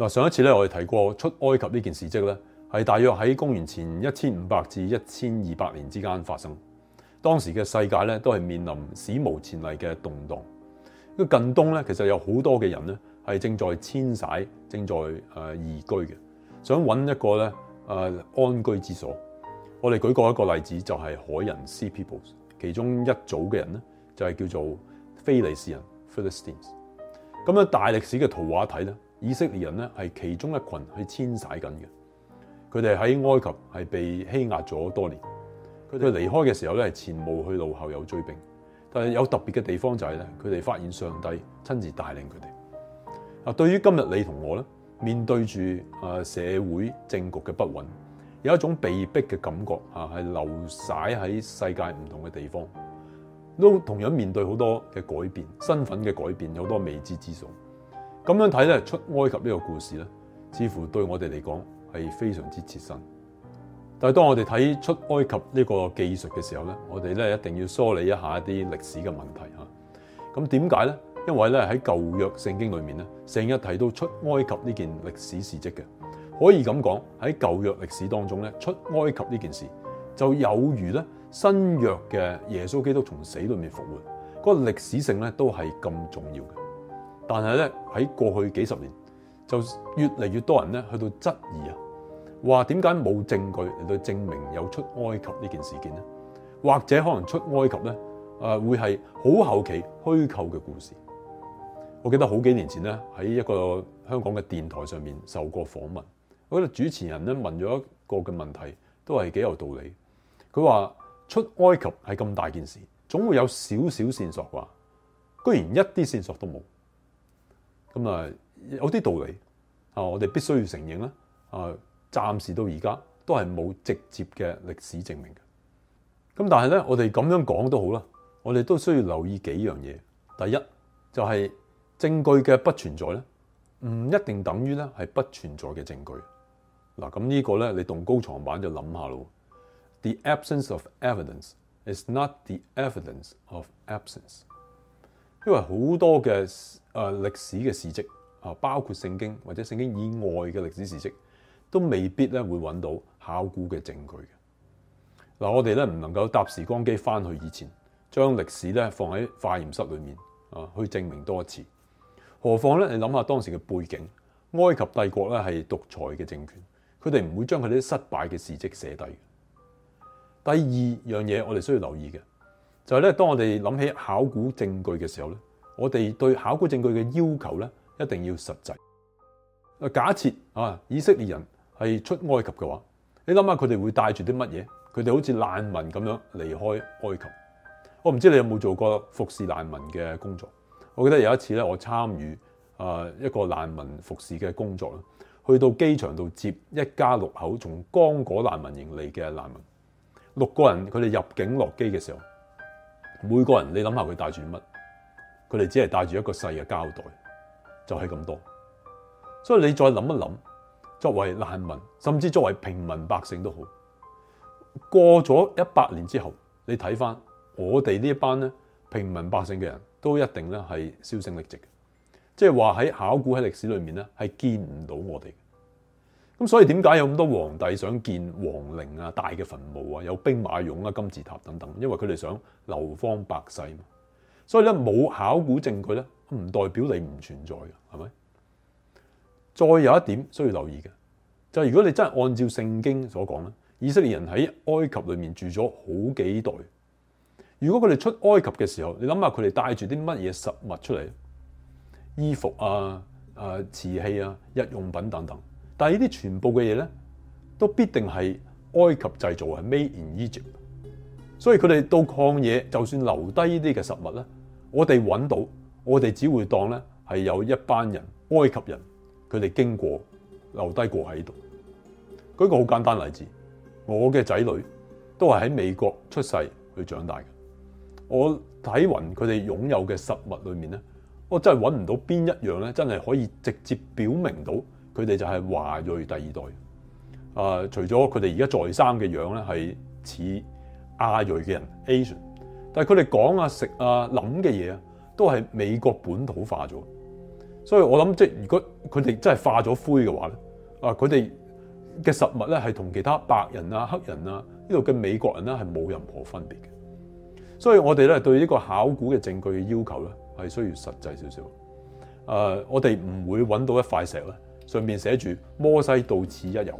嗱，上一次咧，我哋提過出埃及呢件事蹟咧，係大約喺公元前一千五百至一千二百年之間發生。當時嘅世界咧，都係面臨史無前例嘅動盪。咁近東咧，其實有好多嘅人咧，係正在遷徙，正在誒移居嘅，想揾一個咧誒安居之所。我哋舉過一個例子，就係、是、海人 Sea Peoples，其中一組嘅人咧，就係叫做菲利士人 Philistines。咁樣大歷史嘅圖畫睇咧。以色列人呢，係其中一群去遷徙緊嘅，佢哋喺埃及係被欺壓咗多年。佢哋離開嘅時候咧，係前無去路後有追兵。但係有特別嘅地方就係咧，佢哋發現上帝親自帶領佢哋。啊，對於今日你同我咧，面對住啊社會政局嘅不穩，有一種被逼嘅感覺啊，係流曬喺世界唔同嘅地方，都同樣面對好多嘅改變、身份嘅改變，有好多未知之數。咁樣睇咧，出埃及呢個故事咧，似乎對我哋嚟講係非常之切身。但係當我哋睇出埃及呢個技術嘅時候咧，我哋咧一定要梳理一下一啲歷史嘅問題吓。咁點解咧？因為咧喺舊約聖經裏面咧，成日提到出埃及呢件歷史事跡嘅。可以咁講，喺舊約歷史當中咧，出埃及呢件事就有如咧新約嘅耶穌基督從死裏面復活，嗰個歷史性咧都係咁重要嘅。但係咧，喺過去幾十年就越嚟越多人咧去到質疑啊，話點解冇證據嚟到證明有出埃及呢件事件呢？或者可能出埃及呢，誒、啊、會係好後期虛構嘅故事。我記得好幾年前呢，喺一個香港嘅電台上面受過訪問，我覺得主持人咧問咗一個嘅問題都係幾有道理。佢話出埃及係咁大件事，總會有少少線索啩，居然一啲線索都冇。咁啊，有啲道理啊，我哋必須要承認啦。啊，暫時到而家都係冇直接嘅歷史證明嘅。咁但係咧，我哋咁樣講都好啦。我哋都需要留意幾樣嘢。第一就係證據嘅不存在咧，唔一定等於咧係不存在嘅證據。嗱，咁呢個咧，你讀高床版就諗下咯。The absence of evidence is not the evidence of absence. 因為好多嘅誒、啊、歷史嘅事跡啊，包括聖經或者聖經以外嘅歷史事跡，都未必咧會揾到考古嘅證據嘅。嗱、啊，我哋咧唔能夠搭時光機翻去以前，將歷史咧放喺化驗室裏面啊去證明多一次。何況咧，你諗下當時嘅背景，埃及帝國咧係獨裁嘅政權，佢哋唔會將佢啲失敗嘅事跡寫低。第二樣嘢，我哋需要留意嘅。就係咧，當我哋諗起考古證據嘅時候咧，我哋對考古證據嘅要求咧一定要實際。假設啊，以色列人係出埃及嘅話，你諗下佢哋會帶住啲乜嘢？佢哋好似難民咁樣離開埃及。我唔知道你有冇做過服侍難民嘅工作。我記得有一次咧，我參與啊一個難民服侍嘅工作啦，去到機場度接一家六口從剛果難民營嚟嘅難民。六個人佢哋入境落機嘅時候。每個人你諗下佢帶住乜？佢哋只係帶住一個細嘅膠袋，就係咁多。所以你再諗一諗，作為難民，甚至作為平民百姓都好，過咗一百年之後，你睇翻，我哋呢一班咧平民百姓嘅人都一定咧係銷聲匿跡嘅，即係話喺考古喺歷史裏面咧係見唔到我哋。咁所以點解有咁多皇帝想建皇陵啊？大嘅墳墓啊，有兵馬俑啊、金字塔等等，因為佢哋想流芳百世嘛。所以咧冇考古證據咧，唔代表你唔存在嘅，係咪？再有一點需要留意嘅就係、是，如果你真係按照聖經所講咧，以色列人喺埃及裏面住咗好幾代。如果佢哋出埃及嘅時候，你諗下佢哋帶住啲乜嘢實物出嚟？衣服啊、啊瓷器啊、日用品等等。但係呢啲全部嘅嘢咧，都必定係埃及製造，係 made in Egypt。所以佢哋到曠野就算留低呢啲嘅實物咧，我哋揾到，我哋只會當咧係有一班人埃及人佢哋經過留低過喺度。舉、個好簡單例子，我嘅仔女都係喺美國出世去長大嘅。我睇勻佢哋擁有嘅實物裏面咧，我真係揾唔到邊一樣咧，真係可以直接表明到。佢哋就係華裔第二代，啊、呃，除咗佢哋而家在生嘅樣咧，係似亞裔嘅人 Asian，但係佢哋講啊食啊諗嘅嘢啊，都係美國本土化咗。所以我諗，即係如果佢哋真係化咗灰嘅話咧，啊、呃，佢哋嘅實物咧係同其他白人啊、黑人啊呢度嘅美國人咧係冇任何分別嘅。所以我哋咧對呢個考古嘅證據嘅要求咧係需要實際少少。啊、呃，我哋唔會揾到一塊石咧。上面寫住摩西到此一遊。嗱、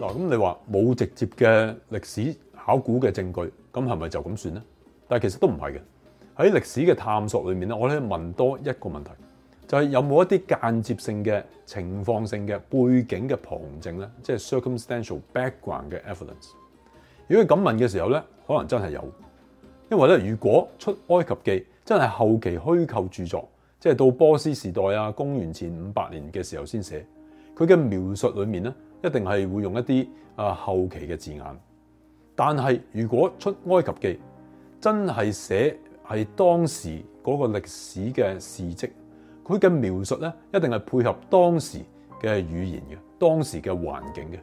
嗯，咁、嗯、你話冇直接嘅歷史考古嘅證據，咁係咪就咁算咧？但其實都唔係嘅。喺歷史嘅探索裏面咧，我哋問多一個問題，就係、是、有冇一啲間接性嘅情況性嘅背景嘅旁證呢，即係 circumstantial background 嘅 evidence。如果佢咁問嘅時候咧，可能真係有，因為咧，如果出埃及記真係後期虛構著作，即係到波斯時代啊，公元前五百年嘅時候先寫，佢嘅描述裡面咧，一定係會用一啲啊後期嘅字眼。但係如果出埃及記真係寫係當時嗰個歷史嘅事蹟，佢嘅描述咧，一定係配合當時嘅語言嘅，當時嘅環境嘅。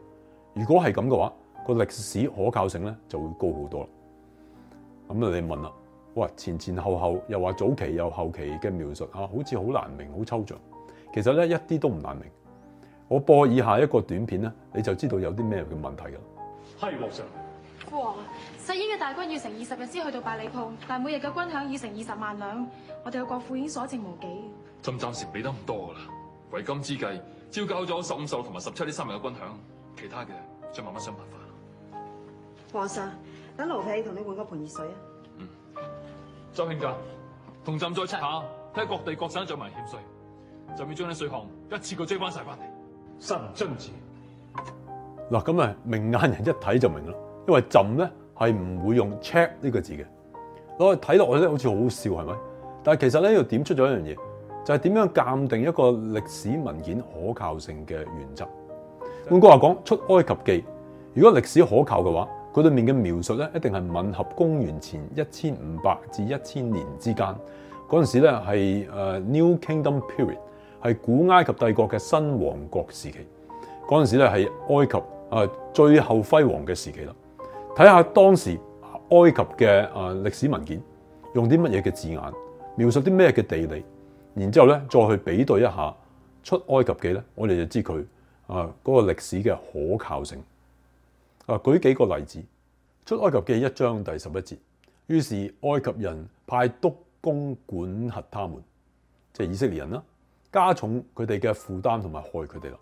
如果係咁嘅話，個歷史可靠性咧就會高好多啦。咁你問啦，哇，前前後後又話早期又後期嘅描述啊，好似好難明，好抽象。其實咧一啲都唔難明。我播以下一個短片咧，你就知道有啲咩嘅問題噶啦。係皇上，父皇啊！世英嘅大軍要成二十日先去到百里鋪，但每日嘅軍餉已成二十萬兩，我哋嘅國庫已經所剩無幾。朕暫時俾得唔多噶啦，為今之計，照交咗十五、十六同埋十七呢三日嘅軍餉，其他嘅再慢慢想辦法。皇上，等奴婢同你換個盆熱水啊！嗯，周慶家，同朕再 check 下，睇下各地各省做埋欠稅，就要將啲稅項一次過追翻晒翻嚟。神將字嗱，咁啊，明眼人一睇就明咯，因為朕咧係唔會用 check 呢個字嘅。我睇落去咧，好似好笑係咪？但係其實咧，要點出咗一樣嘢，就係、是、點樣鑑定一個歷史文件可靠性嘅原則。換句話講，出埃及記，如果歷史可靠嘅話。佢裏面嘅描述咧，一定係吻合公元前一千五百至一千年之間嗰陣時咧，係誒 New Kingdom Period，係古埃及帝國嘅新王國時期。嗰陣時咧，係埃及啊最後輝煌嘅時期啦。睇下當時埃及嘅誒歷史文件，用啲乜嘢嘅字眼描述啲咩嘅地理，然之後咧再去比對一下出埃及記咧，我哋就知佢啊嗰個歷史嘅可靠性。嗱，舉幾個例子，《出埃及記》一章第十一節，於是埃及人派督工管轄他們，即係以色列人啦，加重佢哋嘅負擔同埋害佢哋啦。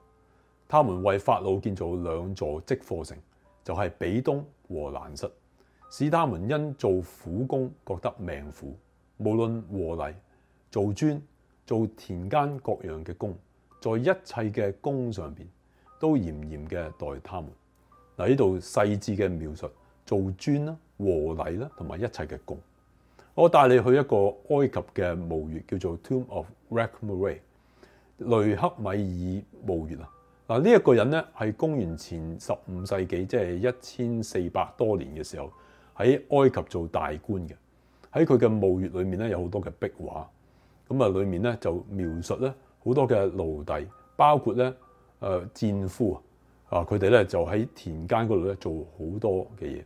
他們為法老建造兩座積貨城，就係、是、比東和蘭塞，使他們因做苦工覺得命苦。無論和泥、做磚、做田間各樣嘅工，在一切嘅工上面都嚴嚴嘅待他們。嗱，呢度細緻嘅描述做磚啦、和禮啦，同埋一切嘅工。我帶你去一個埃及嘅墓穴，叫做 Tomb of Rekhmire 雷克米爾墓穴啊。嗱，呢一個人咧，係公元前十五世紀，即係一千四百多年嘅時候，喺埃及做大官嘅。喺佢嘅墓穴裡面咧，有好多嘅壁畫。咁啊，裡面咧就描述咧好多嘅奴隸，包括咧誒戰俘。啊！佢哋咧就喺田間嗰度咧做好多嘅嘢。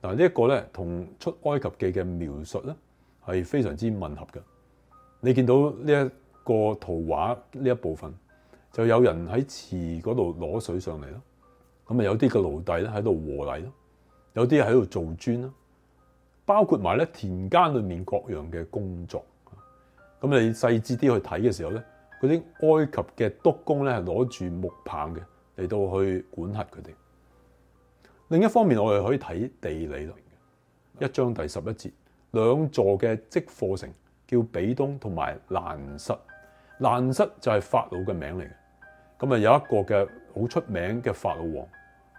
嗱呢一個咧同出埃及記嘅描述咧係非常之吻合嘅。你見到呢一個圖畫呢一部分，就有人喺池嗰度攞水上嚟咯。咁啊，有啲嘅奴隸咧喺度和泥咯，有啲喺度做磚啦，包括埋咧田間裏面各樣嘅工作。咁你細緻啲去睇嘅時候咧，嗰啲埃及嘅督工咧係攞住木棒嘅。嚟到去管轄佢哋。另一方面，我哋可以睇地理嚟嘅一章第十一節，兩座嘅積貨城叫比東同埋蘭室。蘭室就係法老嘅名嚟嘅。咁啊，有一個嘅好出名嘅法老王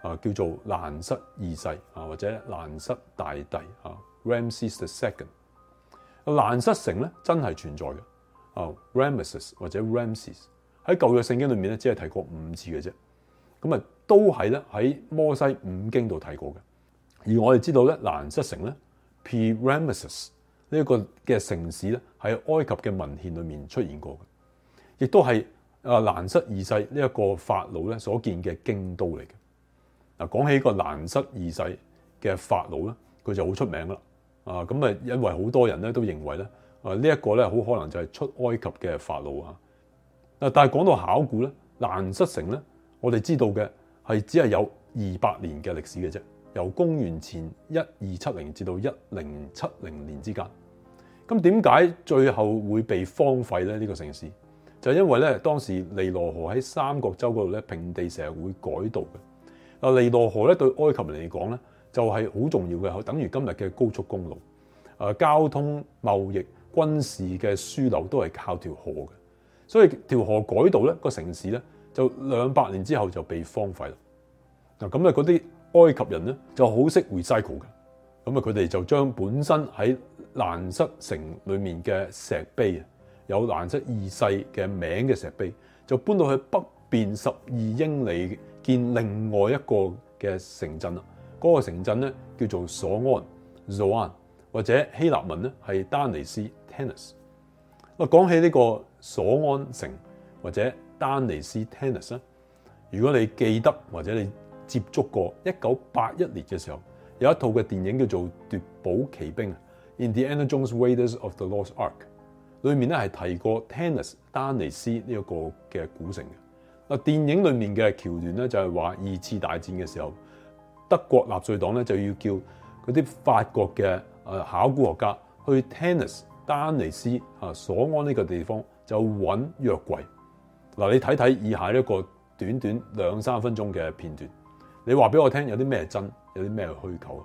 啊，叫做蘭室二世啊，或者蘭室大帝啊，Rameses the Second。蘭室城咧真係存在嘅啊，Rameses 或者 Rameses 喺舊約聖經裏面咧，只係提過五次嘅啫。咁啊，都係咧喺摩西五經度睇過嘅。而我哋知道咧，蘭失城咧 （Pyramus） 呢一個嘅城市咧，喺埃及嘅文獻裏面出現過嘅，亦都係啊蘭失二世呢一個法老咧所建嘅京都嚟嘅嗱。講起個蘭失二世嘅法老咧，佢就好出名啦啊！咁啊，因為好多人咧都認為咧啊呢一個咧好可能就係出埃及嘅法老啊嗱。但係講到考古咧，蘭失城咧。我哋知道嘅係只係有二百年嘅歷史嘅啫，由公元前一二七零至到一零七零年之間。咁點解最後會被荒廢咧？呢個城市就係因為咧當時尼羅河喺三角洲嗰度咧平地成日會改道嘅。啊，尼羅河咧對埃及人嚟講咧就係好重要嘅，等於今日嘅高速公路。啊，交通、貿易、軍事嘅樞紐都係靠條河嘅，所以條河改道咧個城市咧。就兩百年之後就被荒廢啦。嗱，咁啊嗰啲埃及人咧就好識 recycle 嘅，咁啊佢哋就將本身喺蘭塞城裡面嘅石碑，有蘭塞二世嘅名嘅石碑，就搬到去北邊十二英里建另外一個嘅城鎮啦。嗰個城鎮咧叫做索安 （Zoan） 或者希臘文咧係丹尼斯 （Tennis）。哇，講起呢個索安城或者丹尼斯 Tennis 啊！如果你記得或者你接觸過一九八一年嘅時候，有一套嘅電影叫做《奪寶奇兵》啊，《Indiana Jones Raiders of the Lost Ark》，裏面咧係提過 Tennis 丹尼斯呢一個嘅古城嘅。啊，電影裏面嘅橋段咧就係話二次大戰嘅時候，德國納粹黨咧就要叫嗰啲法國嘅誒考古學家去 Tennis 丹尼斯啊瑣安呢個地方就揾約櫃。嗱，你睇睇以下呢個短短兩三分鐘嘅片段，你話俾我聽有啲咩真，有啲咩虛構啊？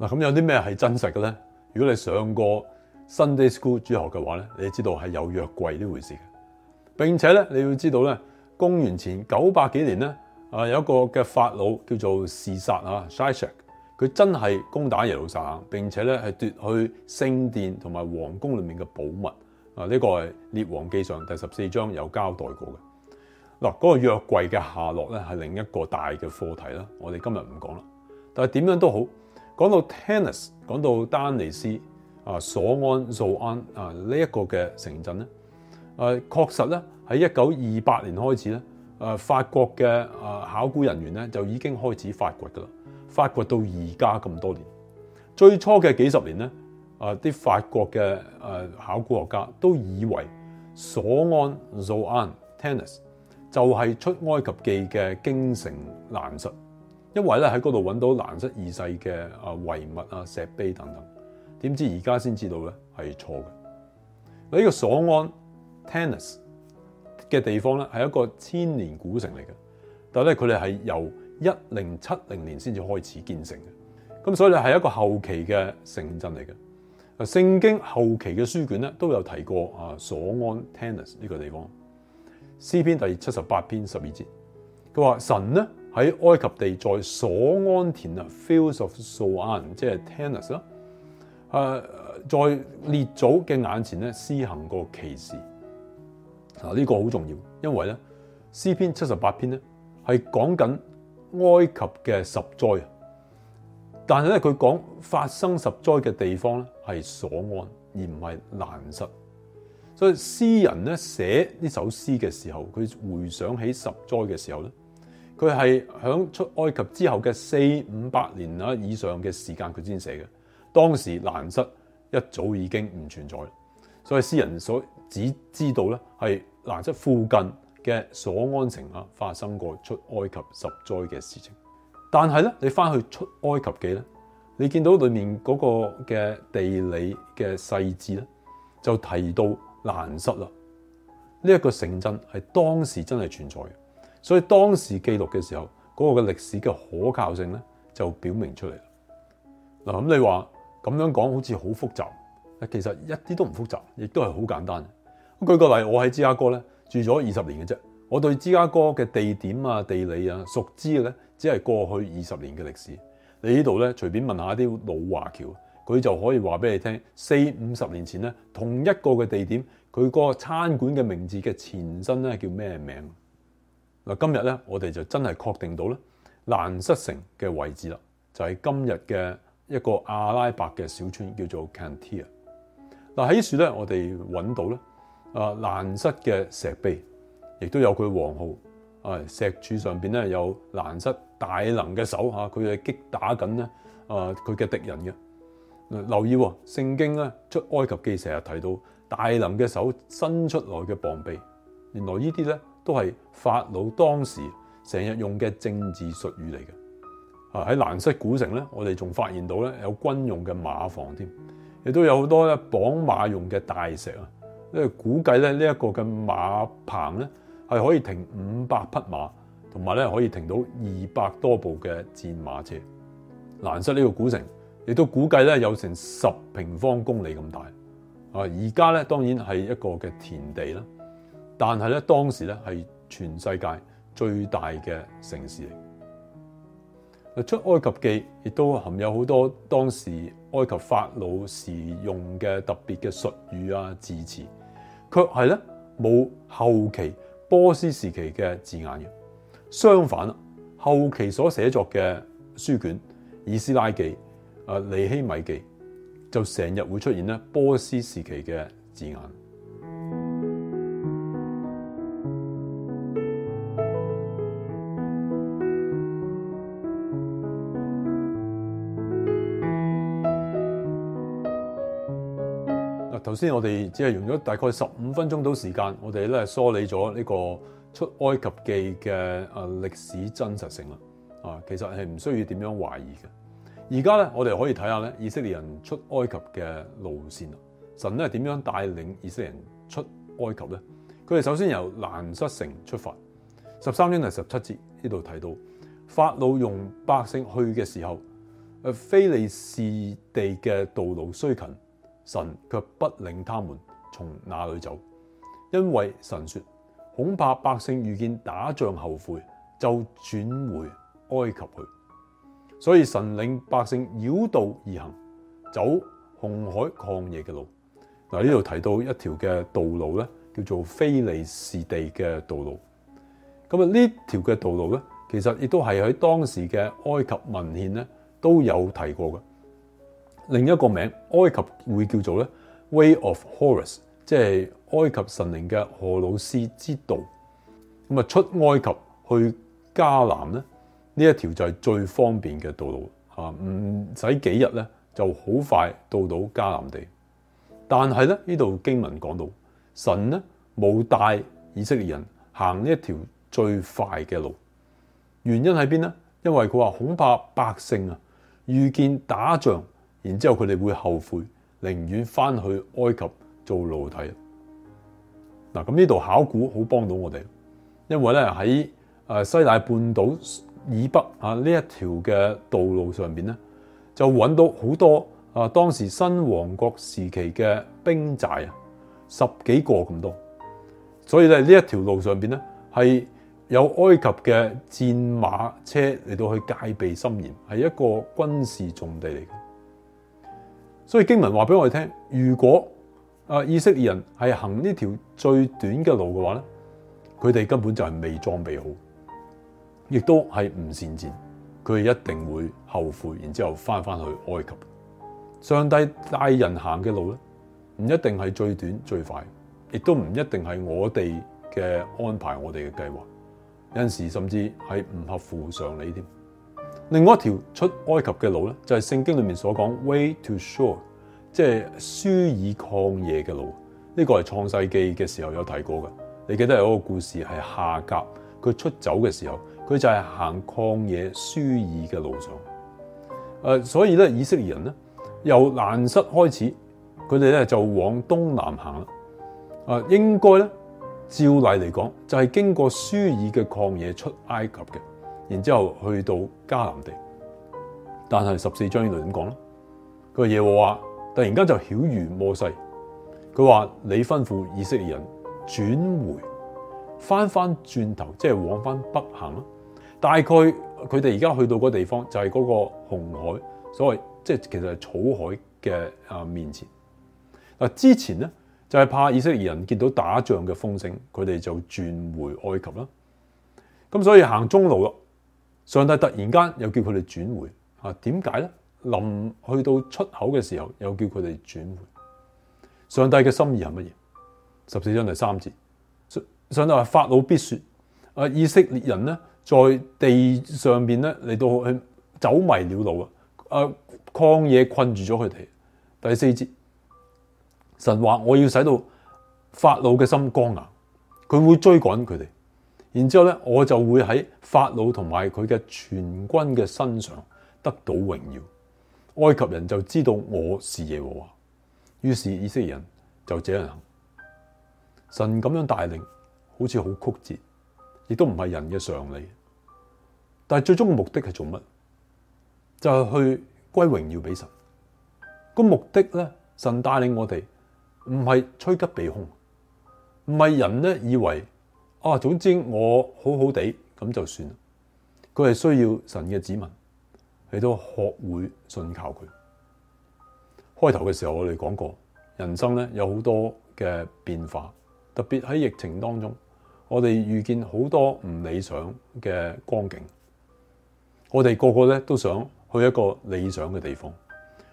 嗱，咁有啲咩係真實嘅咧？如果你上過 Sunday School 之後嘅話咧，你知道係有約櫃呢回事嘅。並且咧，你要知道咧，公元前九百幾年咧，啊有一個嘅法老叫做示撒啊 （Shishak），佢真係攻打耶路撒冷，並且咧係奪去聖殿同埋皇宮裏面嘅寶物啊。呢個係《列王記》上第十四章有交代過嘅嗱。嗰個約櫃嘅下落咧係另一個大嘅課題啦。我哋今日唔講啦，但係點樣都好。講到 Tennis，講到丹尼斯啊，瑣安瑣安啊，呢、這、一個嘅城鎮咧，確實咧喺一九二八年開始咧，法國嘅考古人員咧就已經開始發掘噶啦，發掘到而家咁多年。最初嘅幾十年咧，啲法國嘅考古學家都以為瑣安瑣安 Tennis 就係、是、出埃及記嘅京城蘭塞。因為咧喺嗰度揾到南色二世嘅、啊遺物啊石碑等等，點知而家先知道咧係錯嘅。呢、呢個所安 Tennis 嘅地方咧係一個千年古城嚟嘅，但係咧佢哋係由一零七零年先至開始建成嘅，咁所以咧係一個後期嘅城鎮嚟嘅。啊聖經後期嘅書卷咧都有提過啊所安 Tennis 呢個地方，詩篇第七十八篇十二節，佢話神咧。喺埃及地，在所安田啊，fields of soan，即係 Tanis 啦。誒，在列祖嘅眼前咧，施行個奇事。啊，呢個好重要，因為咧，詩篇七十八篇咧係講緊埃及嘅十災，但係咧佢講發生十災嘅地方咧係所安，而唔係難失。所以詩人咧寫呢首詩嘅時候，佢回想起十災嘅時候咧。佢係喺出埃及之後嘅四五百年啊以上嘅時間，佢先寫嘅。當時蘭塞一早已經唔存在，所以詩人所只知道咧係蘭塞附近嘅瑣安城啊發生過出埃及十災嘅事情。但係咧，你翻去《出埃及記》咧，你見到裡面嗰個嘅地理嘅細節咧，就提到蘭塞啦。呢、這、一個城鎮係當時真係存在嘅。所以當時記錄嘅時候，嗰個嘅歷史嘅可靠性咧，就表明出嚟啦。嗱，咁你話咁樣講好似好複雜，其實一啲都唔複雜，亦都係好簡單。舉個例，我喺芝加哥咧住咗二十年嘅啫，我對芝加哥嘅地點啊、地理啊熟知嘅咧，只係過去二十年嘅歷史。你呢度咧隨便問下啲老華僑，佢就可以話俾你聽四五十年前咧，同一個嘅地點，佢個餐館嘅名字嘅前身咧叫咩名？嗱，今日咧，我哋就真係確定到咧蘭塞城嘅位置啦，就係今日嘅一個阿拉伯嘅小村叫做 Cantir。嗱，喺處咧，我哋揾到咧啊蘭塞嘅石碑，亦都有佢王號。啊，石柱上邊咧有蘭塞大能嘅手嚇，佢係擊打緊咧啊佢嘅敵人嘅。留意聖經咧出埃及記成日提到大能嘅手伸出來嘅膀臂，原來呢啲咧。都係法老當時成日用嘅政治術語嚟嘅。啊喺蘭塞古城咧，我哋仲發現到咧有軍用嘅馬房添，亦都有好多咧綁馬用嘅大石啊。因為估計咧呢一個嘅馬棚咧係可以停五百匹馬，同埋咧可以停到二百多部嘅戰馬車。蘭塞呢個古城，亦都估計咧有成十平方公里咁大。啊，而家咧當然係一個嘅田地啦。但係咧，當時咧係全世界最大嘅城市嚟。出埃及記亦都含有好多當時埃及法老時用嘅特別嘅術語啊、字詞，卻係咧冇後期波斯時期嘅字眼嘅。相反啊，後期所寫作嘅書卷，以斯拉記、誒尼希米記，就成日會出現咧波斯時期嘅字眼。頭先我哋只係用咗大概十五分鐘到時間，我哋咧梳理咗呢個出埃及記嘅誒歷史真實性啦。啊，其實係唔需要點樣懷疑嘅。而家咧，我哋可以睇下咧，以色列人出埃及嘅路線啦。神咧點樣帶領以色列人出埃及咧？佢哋首先由蘭塞城出發，十三章第十七節呢度睇到，法老容百姓去嘅時候，誒非利士地嘅道路雖近，神卻不領他們從那裏走，因為神說，恐怕百姓遇見打仗後悔，就轉回埃及去。所以神領百姓繞道而行，走紅海曠野嘅路。嗱，呢度提到一條嘅道路咧，叫做非利士地嘅道路。咁啊，呢條嘅道路咧，其實亦都係喺當時嘅埃及文獻咧都有提過嘅。另一個名埃及會叫做咧 Way of Horus，即係埃及神靈嘅荷魯斯之道。咁啊，出埃及去迦南咧，呢一條就係最方便嘅道路嚇，唔使幾日咧，就好快到到迦南地。但係咧，呢度經文講到神咧冇帶以色列人行呢一條最快嘅路，原因喺邊呢？因為佢話恐怕百姓啊遇見打仗。然之後，佢哋會後悔，寧願翻去埃及做奴隸。嗱，咁呢度考古好幫到我哋，因為咧喺誒西奈半島以北啊呢一條嘅道路上邊咧，就揾到好多啊當時新王國時期嘅兵寨啊，十幾個咁多。所以咧呢一條路上邊咧係有埃及嘅戰馬車嚟到去戒備森嚴，係一個軍事重地嚟。所以經文話俾我哋聽，如果啊以色列人係行呢條最短嘅路嘅話咧，佢哋根本就係未裝備好，亦都係唔善戰，佢哋一定會後悔，然之後翻翻去埃及。上帝帶人行嘅路咧，唔一定係最短最快，亦都唔一定係我哋嘅安排，我哋嘅計劃，有陣時甚至係唔合乎常理添。另外一條出埃及嘅路咧，就係、是、聖經裏面所講 way to shore，即係舒爾曠野嘅路。呢個係創世記嘅時候有提過嘅。你記得有嗰個故事係夏甲佢出走嘅時候，佢就係行曠野舒爾嘅路上。所以咧以色列人呢，由蘭塞開始，佢哋咧就往東南行啦。啊，應該咧照例嚟講，就係、是、經過舒爾嘅曠野出埃及嘅。然之後去到迦南地，但係十四章依度點講咧？個耶和華突然間就曉喻摩西，佢話：你吩咐以色列人轉回，翻翻轉頭，即係往翻北行啦。大概佢哋而家去到個地方，就係嗰個紅海，所謂即係其實草海嘅啊面前。嗱，之前咧就係怕以色列人見到打仗嘅風聲，佢哋就轉回埃及啦。咁所以行中路咯。上帝突然間又叫佢哋轉回，啊，點解咧？臨去到出口嘅時候，又叫佢哋轉回。上帝嘅心意係乜嘢？十四章第三節，上帝話法老必說，啊，以色列人呢，在地上邊咧，嚟到去走迷了路啊，啊，曠野困住咗佢哋。第四節，神話我要使到法老嘅心剛硬，佢會追趕佢哋。然之後咧，我就會喺法老同埋佢嘅全軍嘅身上得到榮耀。埃及人就知道我是耶和華，於是以色列人就這樣行。神咁樣帶領，好似好曲折，亦都唔係人嘅常理。但係最終嘅目的係做乜？就係、是、去歸榮耀俾神。個目的咧，神帶領我哋，唔係趨吉避凶，唔係人咧以為。啊，總之我好好地咁就算啦。佢係需要神嘅指紋，你都學會信靠佢。開頭嘅時候我哋講過，人生咧有好多嘅變化，特別喺疫情當中，我哋遇見好多唔理想嘅光景。我哋個個咧都想去一個理想嘅地方。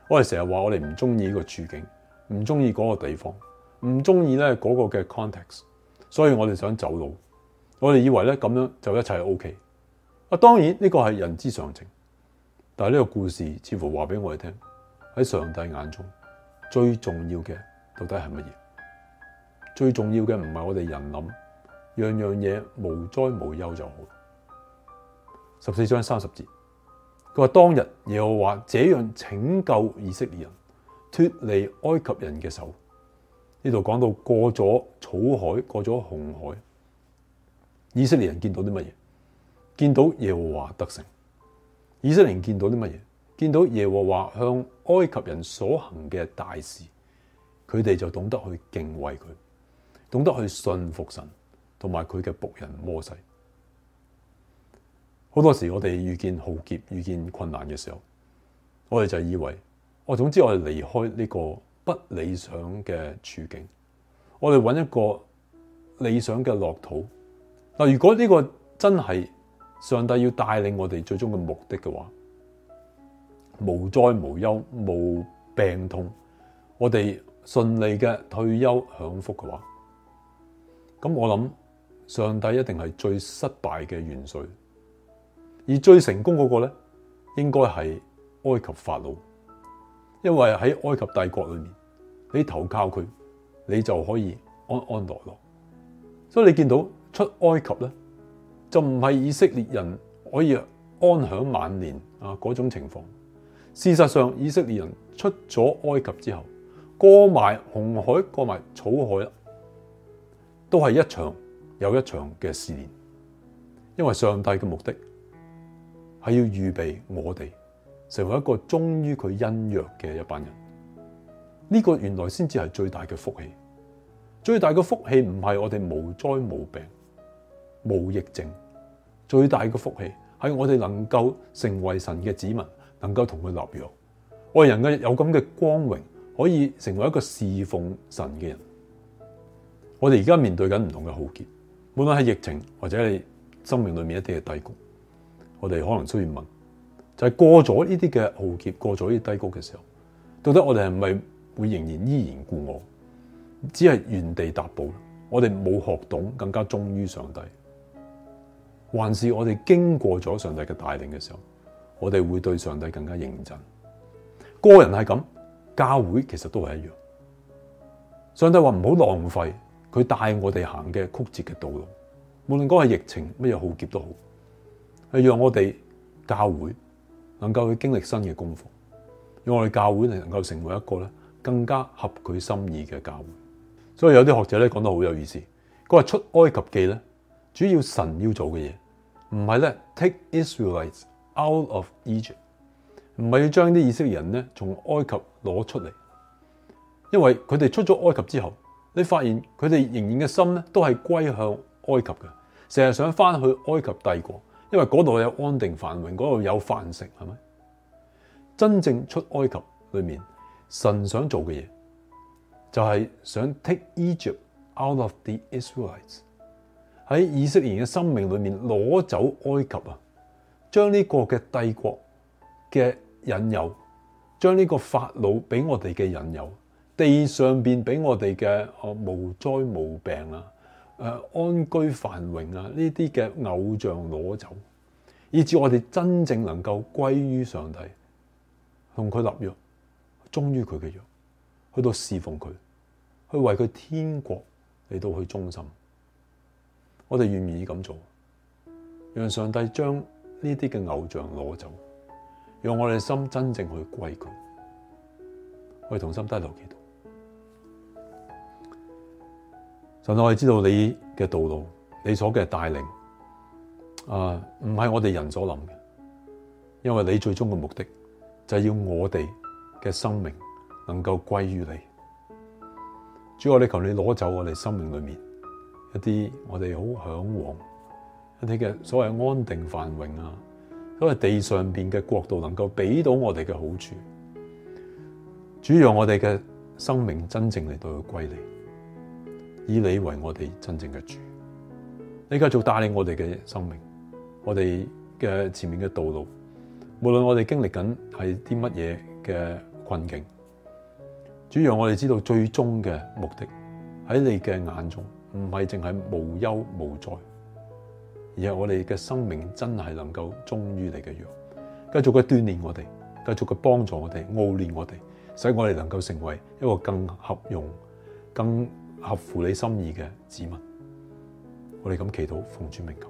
我哋成日話我哋唔中意呢個處境，唔中意嗰個地方，唔中意咧嗰個嘅 context。所以我哋想走佬，我哋以為咧咁樣就一切 OK。啊，當然呢個係人之常情，但係呢個故事似乎話俾我哋聽喺上帝眼中最重要嘅，到底係乜嘢？最重要嘅唔係我哋人諗樣樣嘢無災無憂就好。十四章三十節，佢話，當日耶和華這樣拯救以色列人脫離埃及人嘅手。呢度講到過咗草海，過咗紅海，以色列人見到啲乜嘢？見到耶和華得勝。以色列人見到啲乜嘢？見到耶和華向埃及人所行嘅大事，佢哋就懂得去敬畏佢，懂得去信服神，同埋佢嘅僕人摩西。好多時我哋遇見浩劫，遇見困難嘅時候，我哋就以為，我總之我哋離開呢個。不理想嘅處境，我哋揾一個理想嘅樂土。嗱，如果呢個真係上帝要帶領我哋最終嘅目的嘅話，無災無憂、無病痛，我哋順利嘅退休享福嘅話，咁我諗上帝一定係最失敗嘅元帥，而最成功嗰個咧，應該係埃及法老，因為喺埃及帝國裏面。你投靠佢，你就可以安安樂樂。所以你見到出埃及咧，就唔係以色列人可以安享晚年啊嗰種情況。事實上，以色列人出咗埃及之後，過埋紅海，過埋草海啦，都係一場又一場嘅試驗。因為上帝嘅目的係要預備我哋成為一個忠於佢恩約嘅一班人。呢個原來先至係最大嘅福氣，最大嘅福氣唔係我哋無災無病無疫症，最大嘅福氣係我哋能夠成為神嘅子民，能夠同佢立約，我哋人嘅有咁嘅光榮，可以成為一個侍奉神嘅人。我哋而家面對緊唔同嘅浩劫，無論係疫情或者係生命裏面一啲嘅低谷，我哋可能需要問，就係過咗呢啲嘅浩劫，過咗呢啲低谷嘅時候，到底我哋係咪會仍然依然故我，只係原地踏步。我哋冇學懂更加忠於上帝，還是我哋經過咗上帝嘅帶領嘅時候，我哋會對上帝更加認真。個人係咁，教會其實都係一樣。上帝話唔好浪費佢帶我哋行嘅曲折嘅道路，無論嗰個疫情乜嘢浩劫都好，係讓我哋教會能夠去經歷新嘅功課，讓我哋教會能夠成為一個咧。更加合佢心意嘅教會，所以有啲學者咧講得好有意思，佢話出埃及記咧主要神要做嘅嘢，唔係咧 take Israelites out of Egypt，唔係要將啲以色列人咧從埃及攞出嚟，因為佢哋出咗埃及之後，你發現佢哋仍然嘅心咧都係歸向埃及嘅，成日想翻去埃及帝國，因為嗰度有安定繁榮，嗰度有飯食，係咪？真正出埃及裏面。神想做嘅嘢，就係想 take Egypt out of the Israelites。喺以色列人嘅生命裏面攞走埃及啊，將呢個嘅帝國嘅引誘，將呢個法老俾我哋嘅引誘，地上邊俾我哋嘅啊無災無病啊，誒安居繁榮啊呢啲嘅偶像攞走，以至我哋真正能夠歸於上帝，同佢立約。忠於佢嘅樣，去到侍奉佢，去為佢天國嚟到去忠心，我哋願唔願意咁做？讓上帝將呢啲嘅偶像攞走，讓我哋嘅心真正去歸佢。我哋同心低係留幾多？神，我哋知道你嘅道路，你所嘅帶領，啊，唔係我哋人所諗嘅，因為你最終嘅目的就係要我哋。嘅生命能夠歸於你，主，我哋求你攞走我哋生命裏面一啲我哋好向往、一啲嘅所謂安定繁榮啊，因為地上邊嘅國度能夠俾到我哋嘅好處，主，讓我哋嘅生命真正嚟到去歸你，以你為我哋真正嘅主，你繼續帶領我哋嘅生命，我哋嘅前面嘅道路，無論我哋經歷緊係啲乜嘢嘅困境，主讓我哋知道最終嘅目的喺你嘅眼中，唔係淨係無憂無災，而係我哋嘅生命真係能夠忠於你嘅樣，繼續嘅鍛鍊我哋，繼續嘅幫助我哋，熬練我哋，使我哋能夠成為一個更合用、更合乎你心意嘅子民。我哋咁祈禱，奉主名求，